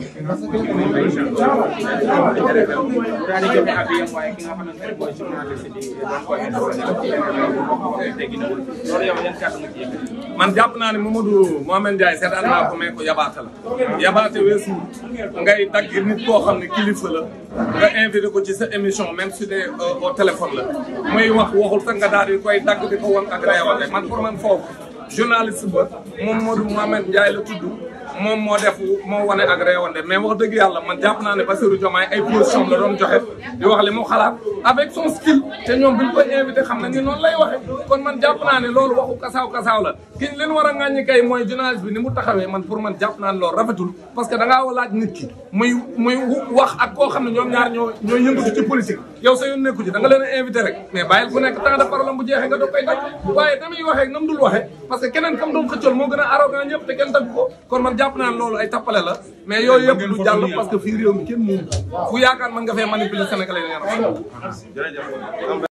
daal di joxe ab yam waaye ki nga xamante naa ne Mamadou Mohamed Ndiaye seetaan naa ko may ko yabaate la weesu ngay dagg nit koo xam ne kilifa la nga invité ko ci sa émission même su dee euh, au téléphone la muy wax waxul sax nga daal di koy dagg di ko won ak reewate man man foofu journaliste ba moom Mamadou Mohamed Ndiaye la tudd moom moo def moo wane ak réewande mais wax dëgg yàlla man jàpp naa ne Bassirou Diomaye ay position la doon joxe di wax li xalaat avec son style te ñoom buñ koy invité xam nañ ni noonu lay waxe kon man jàpp naa ne loolu waxu kasaaw kasaaw la ki leen war a ŋàññi kay mooy journaliste bi ni mu taxawee man pour man jàpp naa ne loolu rafetul parce que da ngaa laaj nit ki muy muy wax ak koo xam ne ñoom ñaar ñoo ñoo yëngatu ci politique yow sa yoon nekku ci leen a invité rek mais parce que keneen kam doon xëccool moo gën a arrogant ñëpp te kenn tagg ko kon man jàpp naa loolu ay tappale la mais yooyu yëpp du jàll parce que fii réew mi kenn moom fu yaakaar man nga fee manipuler Sénégalais yi